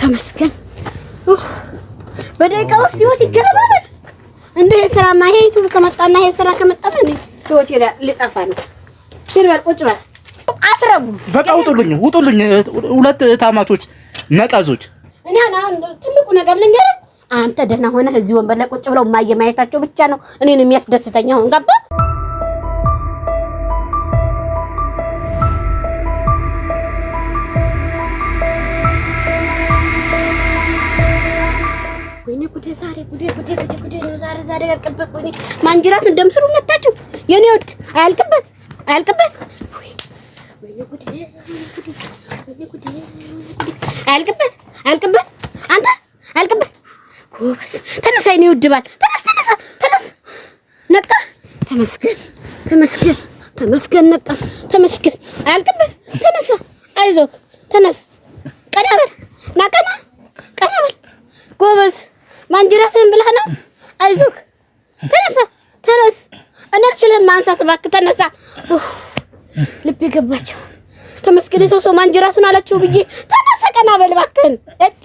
ተመስገን። በደቂቃ ውስጥ ህይወት ይገለባበት እንደ የስራ ማ ዩቱብ ከመጣና ይሄ ስራ ከመጣ ህይወት ሊጠፋ ነው። ይልበል ቁጭ በል አስረቡ። በቃ ውጡልኝ፣ ውጡልኝ። ሁለት ታማቾች ነቀዞች። እኔ አሁን ትልቁ ነገር ልንገርህ፣ አንተ ደህና ሆነህ እዚህ ወንበር ላይ ቁጭ ብለው ማየማየታቸው ብቻ ነው እኔን የሚያስደስተኝ። አሁን ገባህ? መሳደግ አልቀበት ወይ ማንጅራት እንደምስሩ መታችሁ የኔ ወድ አያልቅበት አያልቅበት አያልቅበት አያልቅበት አንተ አያልቅበት ጎበስ ተነሳ የኔ ወድ ባል ተነስ ተነሳ ተነስ ነቃ ተመስገን ተመስገን ተመስገን ነቃ ተመስገን አያልቅበት ተነሳ አይዞክ፣ ተነስ ቀና በል ና ቀና ቀና በል ጎበዝ ማንጅራትህን ብለህ ነው አይዞህ ተነሳ፣ ተነስ። እኔ አልችልም ማንሳት፣ እባክህ ተነሳ። ልብ የገባቸው ተመስገን ሰው ሰው ማንጅ አላቸው ብዬ ተነሳ፣ ቀና በል እባክህን። እጭ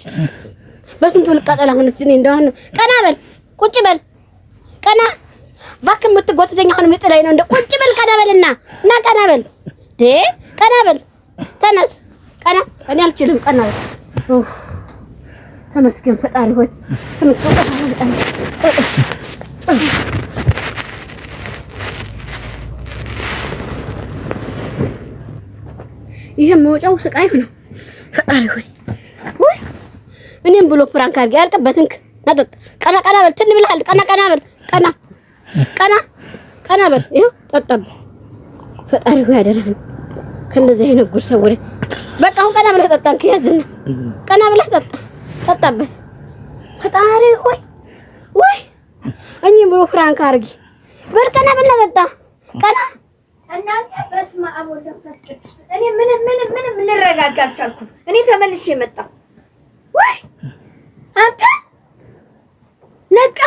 በስንቱ ልቃጠል አሁን። እስኪ እንደሆነ ቀና በል፣ ቁጭ በል፣ ቀና እባክህ። የምትጎትተኝ አሁን ምጥላይ ነው እንደ ቁጭ በል፣ ቀና በልና እና ቀና በል ዴ ቀና በል፣ ተነስ፣ ቀና። እኔ አልችልም፣ ቀና በል። ተመስገን ፈጣሪ ሆይ፣ ተመስገን ፈጣሪ ሆይ ይሄ መውጫው ስቃይ ነው። ፈጣሪ ሆይ ወይ እኔም ብሎ ፕራንክ አድርጌ አልቀበትን ነጠጥ ቀና ቀና በል ትን ብልሃል ቀና ቀና በል ቀና ቀና ቀና በል ይሄ ጠጣብ ፈጣሪ ሆይ ያደረህን ከእንደዚህ አይነት ጉድ ሰውረ በቃ አሁን ቀና ብለህ ጠጣን ከያዝና ቀና ብለህ ጠጣ ጠጣበት ፈጣሪ ሆይ ወይ እኚህ ብሎ ፍራንክ አድርጊ በል ቀና ብል ቀና እናንተ በስመ አብ ወወልድ ወመንፈስ ቅዱስ። እኔ ምንም ምንም ምንም ልረጋጋ አልቻልኩም። እኔ ተመልሼ የመጣሁ ወይ አንተ ነቃ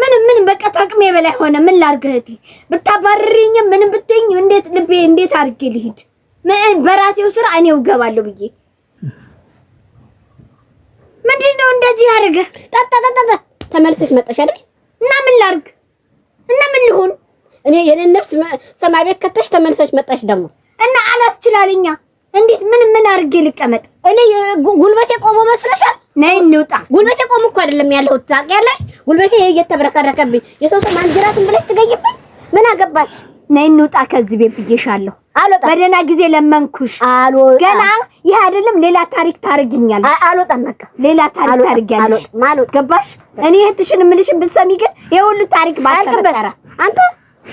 ምንም ምንም በቃ ታቅሜ በላይ ሆነ። ምን ላድርግ እህቴ፣ ብታባርሪኝም ምንም ብትይኝ እንዴት ልቤ እንዴት አድርጌ ልሂድ? ምን በራሴው ስራ እኔው እገባለሁ ብዬ ምንድነው እንደዚህ አርገ? ጠጣ ጠጣ ተመልሰሽ መጣሽ አይደል? እና ምን ላርግ እና ምን ልሆን እኔ የኔን ነፍስ ሰማይ ቤት ከተሽ ተመልሰሽ መጣሽ ደግሞ እና አላስችላለኛ። እንዴት ምን ምን አድርጌ ልቀመጥ? እኔ ጉልበቴ ቆሞ መስለሻል? ነይ እንውጣ። ጉልበቴ ቆሞ እኮ አይደለም ያለሁት ታውቂያለሽ። ጉልበቴ ይሄ እየተብረከረከብኝ የሰው ሰው ማንጀራትን ብለሽ ትገይብኝ። ምን አገባሽ? ነይ እንውጣ ከዚህ ቤት ብዬሻለሁ። አልወጣም። በደህና ጊዜ ለመንኩሽ። አልወጣም። ገና ይህ አይደለም ሌላ ታሪክ ታርጊኛለሽ። አልወጣም። በቃ ሌላ ታሪክ ታርጊያለሽ። ገባሽ? እኔ እህትሽን የምልሽን ብትሰሚ ግን ይሄ ሁሉ ታሪክ ባልተፈጠረ አንተ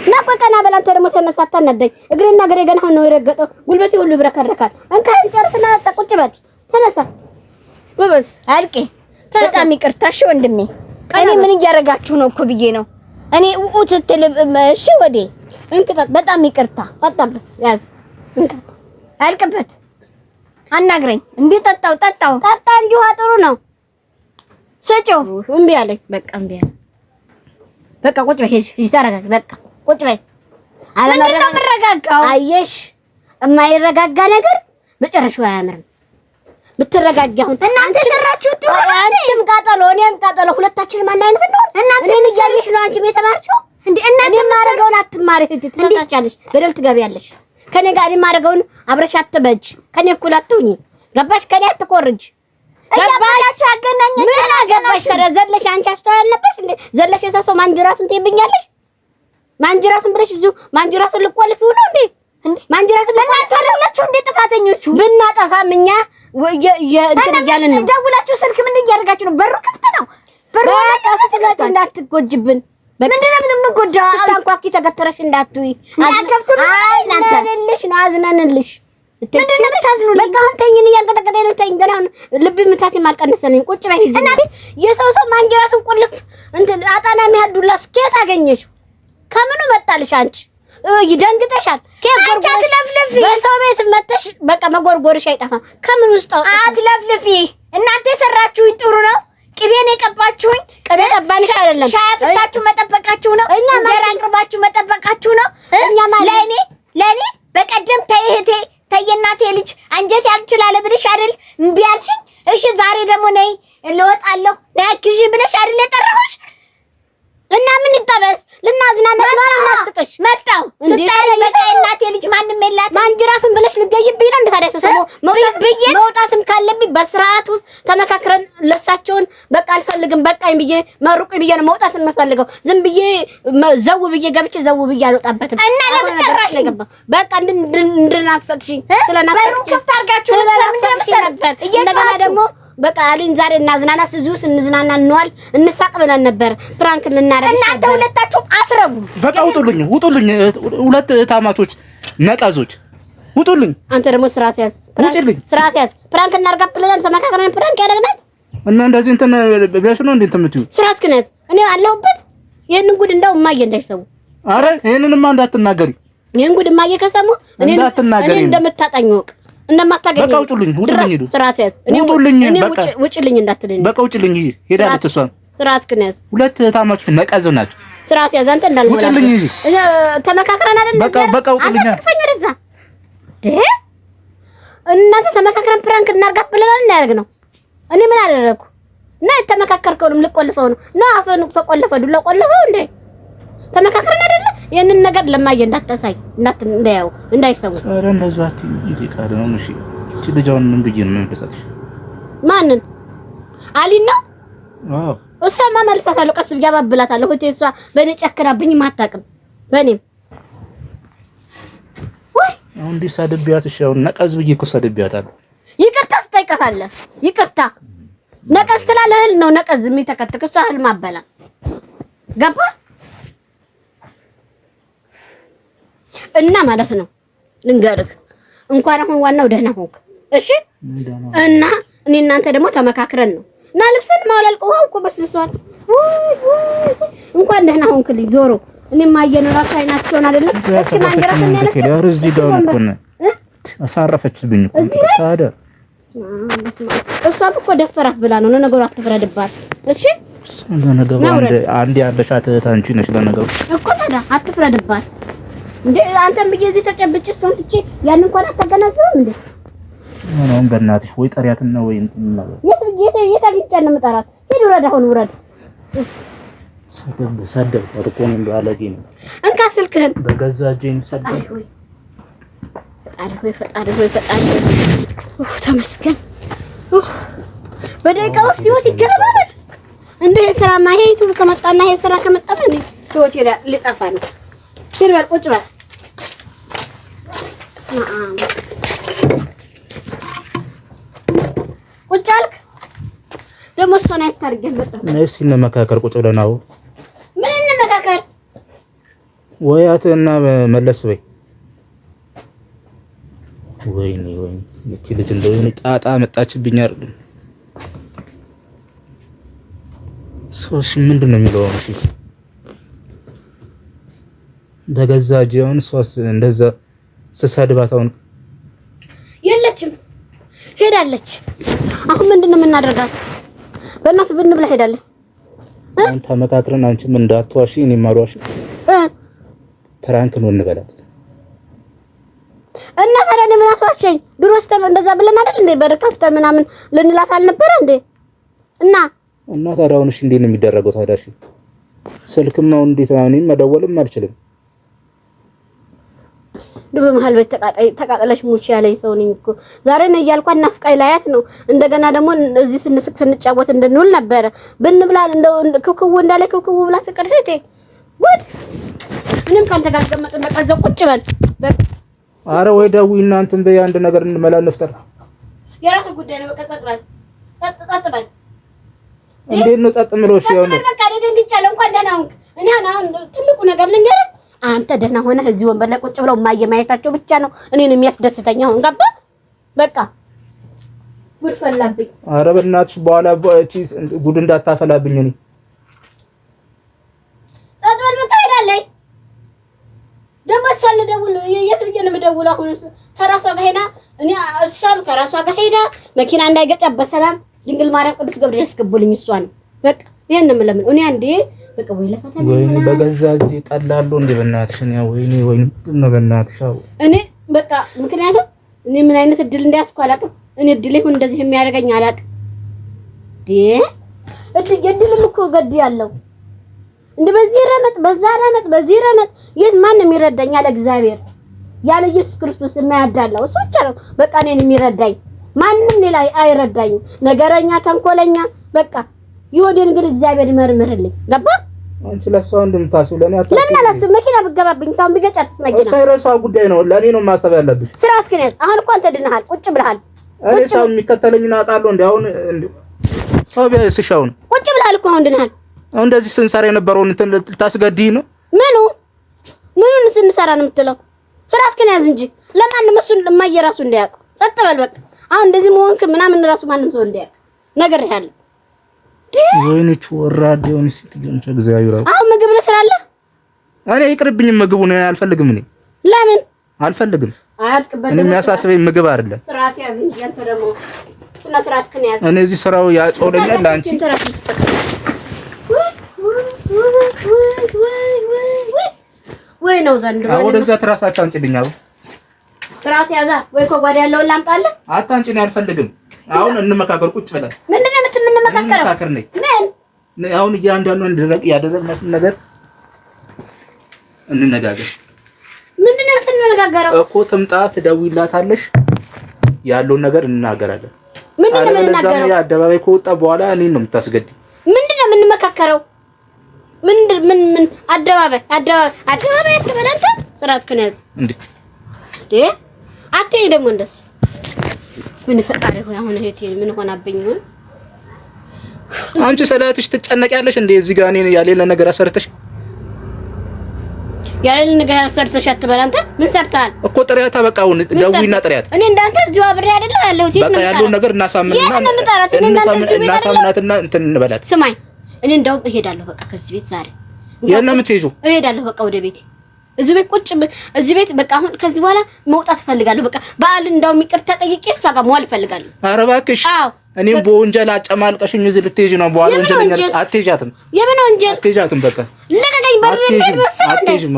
እና ቆይ ቀና በል ደግሞ ተነሳታ ነደኝ እግሬና እግሬ ገና ነው የረገጠው። ጉልበቴ ሁሉ ይብረከረካል። እንካ እንጨርስና ጠቁጭ በል ተነሳ። ጎበዝ አልቄ በጣም ይቅርታ እሺ ወንድሜ። እኔ ምን እያደረጋችሁ ነው እኮ ብዬ ነው እኔ ውኡ ስትል እሺ ወዴ እንቅጣት። በጣም ይቅርታ። ጠጣበት፣ ያዝ፣ እንቅጣት፣ አልቅበት፣ አናግረኝ። እንዲህ ጠጣው ጠጣው ጠጣ። እንዲሁ ጥሩ ነው። ስጪው። እምቢ አለኝ። በቃ እምቢ አለኝ። በቃ ቁጭ በይ፣ ሂጂ፣ ሂጂ፣ ተረጋጊ። በቃ ቁጭ በይ። ምንድን ነው የምረጋጋው? አየሽ፣ የማይረጋጋ ነገር መጨረሻው አያምርም። ብትረጋጊ አሁን እናንተ የሰራችሁት ትሁን። አንቺም ቃጠሎ እኔም ቃጠሎ፣ ሁለታችንም አንድ አይነት ነው። እናንተ ምን እያየሽ ነው? አንቺም የተማርችው እንዴ እናንተ ማረገውን አትማሪ እህት ትሳሳቻለሽ፣ ገደል ትገቢያለሽ። ከኔ ጋር እኔ ማረገውን አብረሽ አትበጅ። ከኔ እኩል አትሁኝ። ገባሽ? ከኔ አትቆርጅ። ገባሽ? ያገናኘች ምን ገባሽ? ዘለሽ አንቺ አስተዋይ ነበርሽ እንዴ? ዘለሽ የሰው ሰው ማንጅራቱን ትይብኛለሽ። ማንጅራቱን ብለሽ እዚሁ ማንጅራቱን ልቆልፍ ይሁን እንዴ? እንዴ ማንጅራቱን ለእናንተ አይደላችሁ እንዴ? ጥፋተኞቹ ብናጠፋም እኛ የእንትን እያልን ነው። ደውላችሁ ስልክ ምን እያደረጋችሁ ነው? በሩ ክፍት ነው። በሩ እንዳትጎጅብን ምንድን ነው የምትጎዳው? ስታንኳኪ ተገተረሽ እንዳትዪ ነው። አዝነንልሽ። ምንድን ነው የምታዝኑ? በቃ አሁን ተይኝ፣ እያንቀጠቀጠኝ ነው። ተይኝ፣ ገና ልብ ምታት የማልቀንሰልኝ ቁጭ በይ እና የሰው ሰው ማንጀራቱን ቁልፍ እንትን አጣና የሚያህል ዱላ ስኬት አገኘሽ? ከምኑ መጣልሽ አንቺ? ይደንግጠሻል። ከጎርጎር አትለፍልፊ። በሰው ቤት መተሽ በቃ መጎርጎርሽ አይጠፋም። ከምን ውስጥ አትለፍልፊ። እናንተ የሰራችሁኝ ጥሩ ነው። ቅቤን የቀባችሁኝ መጠባንሽ አይደለም። ሻይ አፍልታችሁ መጠበቃችሁ ነው። እንጀራ አቅርባችሁ መጠበቃችሁ ነው። ልጅ አንጀት ያልችላለ ብለሽ አይደል እምቢ አልሽኝ። እሺ ዛሬ ደግሞ ነይ ልወጣለሁ ብለሽ አይደል የጠራሁሽ እና ምን ይጠበስ ልናዝናና በቃ እናቴ ልጅ ማንም የላት ማንጅራፍን ብለሽ ነው። እንደ ታዲያ ሰው መውጣትም ካለብኝ በስርዓቱ ተመካክረን ለሳቸውን በቃ አልፈልግም፣ በቃኝ ብዬ መሩቅ ብዬ ነው መውጣት የምፈልገው። ዝም ብዬ ዘው ብዬ ገብቼ ዘው ብዬ አልወጣበትም። እና ለምን ጠራሽ? በቃ እንድናፈቅሽኝ ስለናፈቅሽኝ እንደገና ደግሞ በቃ አሊን ዛሬ እናዝናና እዚሁ ስንዝናና እንዋል እንሳቅ ብለን ነበር። ፕራንክ ልናረግ እናንተ ሁለታችሁም አስረቡ። በቃ ውጡልኝ፣ ውጡልኝ፣ ሁለት ታማቾች ነቀዞች ውጡልኝ። አንተ ደግሞ ስርዓት ያዝ፣ ስርዓት ያዝ። ፕራንክ እናርጋ ብለን ተመካከረን ፕራንክ ያደርግናል እና እንደዚህ እንትን ብለሽ ነው እንዴ እንትን ስራት ክነስ እኔ አለሁበት። ይሄንን ጉድ እንደው እማዬ እንዳይሰሙ። አረ ይሄንንማ እንዳትናገሪ። ይሄን ጉድ እማዬ ከሰሙ እኔ እንዳትናገሪ፣ እኔ እንደምታጣኝ ወቅ እንደማታገኝ በቃ ውጭልኝ፣ ውጭልኝ፣ ሂዱ። ስራት ያዝ። እኔ ውጭልኝ፣ በቃ ውጭልኝ እንዳትልኝ። በቃ ውጭልኝ፣ ሄዳለች እሷ። ስራት ክነስ ሁለት ታማችሁ ነቀዝ ናችሁ። ስራት ያዝ አንተ እንዳልሞላ ውጭልኝ። እዚህ ተመካክረን አይደል? በቃ በቃ ውጭልኝ። አትፈኝ ረዛ እናንተ ተመካክረን ፕራንክ እናርጋት ብለናል። እናያደርግ ነው እኔ ምን አደረግኩ? እና የተመካከርከውንም ልቆልፈው ነው ና አፈኑ ተቆለፈ ዱላ ቆለፈው እንዴ ተመካከርን አይደለ? ይህንን ነገር ለማየ እንዳታሳይ እንዳት እንዳያው እንዳይሰሙ። ኧረ እንደዛ ይደቃለ ነው። እሺ እቺ ልጃውን ምን ብዬ ነው መንፈሳትሽ? ማንን አሊን ነው? አዎ እሷማ መልሳታለሁ። ቀስ ብዬ አባብላታለሁ። እህቴ እሷ በእኔ ጨክራብኝ አታውቅም። በእኔም ወይ አሁን ዲሳ ድብያት እሺ፣ አሁን ነቀዝ ብዬ እኮ እሷ ትለጠፋለህ። ይቅርታ ነቀዝ ትላለህ። እህል ነው ነቀዝ የሚተከትክ እሷ እህል ማበላ ገባ እና ማለት ነው ልንገርህ፣ እንኳን አሁን ዋናው ደህና ሆንክ። እሺ እና እኔ እናንተ ደግሞ ተመካክረን ነው እና ልብስን ማውላልቆ ውሃው እኮ በስብሷል። እንኳን ደህና ሆንክልኝ ዞሮ እኔም አየን እራሱ አይናቸውን አይደለም። እስኪ ማንገራፍ የሚያለች አሳረፈችብኝ እኮ ታዲያ እሷም እኮ ደፈራት ብላ ነው። ለነገሩ አትፍረድባት። እሺ ለነገሩ አንድ አንድ ያለሻት አንቺ ነሽ። ለነገሩ እኮ ታዲያ አትፍረድባት እንዴ አንተም ብዬ እዚህ ተጨብጭ እሱን ትቼ ያን እንኳን አታገናዝብም እንዴ? ምንም በእናትሽ ወይ ጠሪያት ነው ወይ እንትን ነው የት የት የት አግኝቼ ነው የምጠራት? ሂድ ውረድ፣ አሁን ውረድ። ሰደብ ሰደብ እኮ ምን ባለጌ ነው። እንካ ስልክህን በገዛ እጄ ሰደብ። ፈጣሪ ሆይ ፈጣሪ ሆይ ፈጣሪ ሆይ ተመስገን። በደቂቃ ውስጥ ህይወት ይገለባበት እንደ የስራ ከመጣና ስራ ከመጣ እኔ ህይወት ሊጠፋ ነው። ሂድ በል ቁጭ በል። ቁጭ አልክ ደግሞ እሷን እንመካከር፣ ቁጭ ምን እንመካከር? መለስ ወይኔ ወይኔ ይቺ ልጅ እንደሆነ ጣጣ መጣችብኝ አይደል? ሶሽ ምንድን ነው የሚለው? እሺ በገዛ ጂዮን ሶስ እንደዛ ስሰድባት አሁን የለችም ሄዳለች። አሁን ምንድን ነው የምናደርጋት? በእናት ብን ብላ ሄዳለች። አንተ መካክረን አንቺም እንዳትዋሺ እኔም አልዋሽም። ፕራንክ ነው እንበላት እኔ ምን አስዋሸኝ? ድሮ ስተም እንደዛ ብለን አይደል እንዴ በር ከፍተን ምናምን ልንላት አልነበረ እንዴ? እና እና ታዲያ አሁን እሺ፣ እንዴት ነው የሚደረገው ታዲያ? እሺ ስልክም ነው እንዴት ነው? እኔም መደወልም አልችልም። ድብ መሀል ቤት ተቃጠለሽ ሙች ያለኝ ሰው ነኝ እኮ ዛሬ ነው እያልኳት ናፍቃይ ላያት ነው። እንደገና ደግሞ እዚህ ስንስቅ ስንጫወት እንድንውል ነበረ ብንብላ እንደው ክውክው እንዳለ ክውክው ብላ ትቅር እህቴ ጉድ። ምንም ካንተ ጋር ተቀመጥን በቃ ቁጭ በል አረ ወይ ደውዪ እናንተን በይ አንድ ነገር እንመላ እንፍጠር። የራሱ ጉዳይ ነው። በቃ ጸጥ በል ጸጥ ጸጥ በል። እንዴት ነው ጸጥ የምለው? እሺ ያው ነው በቃ ደንግጫለሁ። እንኳን ደህና ሆንክ። እኔ አሁን ትልቁ ነገር ልንገርህ፣ አንተ ደህና ሆነህ እዚህ ወንበር ላይ ቁጭ ብለው እማዬ ማየታቸው ብቻ ነው እኔን የሚያስደስተኝ። አሁን ገባህ? በቃ ጉድ ፈላብኝ። አረ በእናትሽ በኋላ ጉድ እንዳታፈላብኝ እኔ ተራሷ ጋር ሄዳ እኔ እሷም ከራሷ ጋር ሄዳ መኪና እንዳይገጫ በሰላም ድንግል ማርያም ቅዱስ ገብርኤል ያስገቡልኝ እሷን በቃ ይሄን እኔ አንዴ በቃ ወይ ለፈተና በገዛ በእናትሽ ነው በእናትሽ እኔ በቃ ምክንያቱም እኔ ምን አይነት እድል እንዳያስኩ አላውቅም። እኔ እድል ይሁን እንደዚህ የሚያደርገኝ አላውቅም። እድል እድልም እኮ ገድ ያለው እንደ በዚህ ረመጥ በዛ ረመጥ በዚህ ረመጥ የት ማንም ይረዳኛል እግዚአብሔር ያለ ኢየሱስ ክርስቶስ የማያዳላው እሱ ብቻ ነው። በቃ እኔን የሚረዳኝ ማንም ሌላ አይረዳኝም። ነገረኛ፣ ተንኮለኛ በቃ ይሁዴ እንግዲህ እግዚአብሔር ይመርምርልኝ። ገባ አንቺ ለሷ እንደምታስብ ለኔ አታስብ። ለምን አላስብ? መኪና ብገባብኝ ሰውን ብገጫት መኪና እሷ የራሷ ጉዳይ ነው። ለኔ ነው ማሰብ ያለብኝ። ስራት ግን አሁን እኮ አንተ ድነሃል፣ ቁጭ ብለሃል። እኔ ሰው የሚከተለኝ እናጣለሁ። እንደ አሁን ሰው ቢያይስሽ አሁን ቁጭ ብለሃል እኮ አሁን ድነሃል። እንደዚህ ስንሰራ የነበረውን እንትን ልታስገድይ ነው? ምኑ ምኑን ስንሰራ ነው የምትለው? ፍራፍክን ያዝ እንጂ ለማንም እሱ የማየራሱ እንዳያውቅ ጸጥ በል በቃ። አሁን እንደዚህ መሆንክ ምናምን ራሱ ማንም ሰው እንዳያውቅ ነገር ያለው ወይንቹ ወራድ የሆነ ሴት ልጅ እግዚአብሔር። አሁን ምግብ ልስራለህ። እኔ ይቅርብኝም ምግቡ ነው አልፈልግም። እኔ ለምን አልፈልግም? እኔ የሚያሳስበኝ ምግብ አይደለም። ስርዓት ያዝ እንጂ አንተ ደግሞ ስነ ስርዓትክን ያዝ። እኔ እዚህ ስራው ያጮለኛል ለአንቺ ነው ዘንድሮ። ወደዛ ትራስ አታንጭልኝ። ትራስ ያዛ ወይ ከጓዳ ያለውን ላምጣልህ። አታንጭኝ፣ አልፈልግም። አሁን እንመካከር፣ ቁጭ ብለን ምንድን ነው የምትመካከረው? ምን አሁን ነገር እንነጋገር። ምንድን ነው የምትነጋገረው እኮ? ትምጣ፣ ትደውይላታለሽ፣ ያለውን ነገር እንናገራለን። ምንድን ነው የምንናገረው? አደባባይ ከወጣ በኋላ እኔን ነው የምታስገድኝ። ምንድን ነው የምንመካከረው? ምን ምን ምን አደባባይ አደባባይ አደባባይ አትበል አንተ። ጽራትክን ያዝ እንዴ! አትይ ደግሞ እንደሱ። ምን ፈጣሪ ሆይ አሁን እህቴ ምን ሆናብኝ ይሆን? አንቺ ሰላትሽ ትጨነቂያለሽ እንዴ? እዚህ ጋር እኔ ያሌለ ነገር አሰርተሽ ያሌለ ነገር አሰርተሽ አትበል አንተ። ምን ሰርተሃል እኮ ጥሪያታ። በቃ አሁን ደውይና ጥሪያት። እኔ እንዳንተ እዚሁ አብሬ አይደለ ያለሁት። ይሄን ያለውን ነገር እናሳምንና እናሳምናትና እንትን እንበላት። ስማኝ እኔ እንዳውም እሄዳለሁ በቃ ከዚህ ቤት ዛሬ የለም የምትሄጂው እሄዳለሁ በቃ ወደ ቤቴ እዚህ ቤት ቁጭ እዚህ ቤት በቃ አሁን ከዚህ በኋላ መውጣት እፈልጋለሁ። በቃ በዓል እንዳውም ይቅርታ ጠይቄ እሷ ጋር መዋል እፈልጋለሁ። ኧረ እባክሽ እኔም በወንጀል አጨማልቀሽኝ እዚህ ልትሄጂ ነው። በኋላ ወንጀል አትሄጃትም። የምን ወንጀል አትሄጃትም። በቃ ልቀቀኝ። አትሄጂም።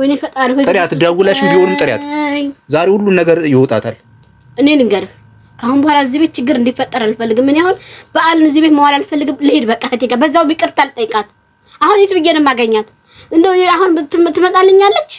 ወይኔ ፈጣሪ ሆይ ጥሪያት፣ ደውለሽም ቢሆንም ጥሪያት። ዛሬ ሁሉን ነገር ይወጣታል። እኔ ልንገርህ ከአሁን በኋላ እዚህ ቤት ችግር እንዲፈጠር አልፈልግም። ምን ያሁን በዓልን እዚህ ቤት መዋል አልፈልግም። ልሄድ በቃ ከቴ ጋር በዛው ይቅርታ አልጠይቃት። አሁን የት ብዬ ነው የማገኛት? እንደው አሁን ትመጣልኛለች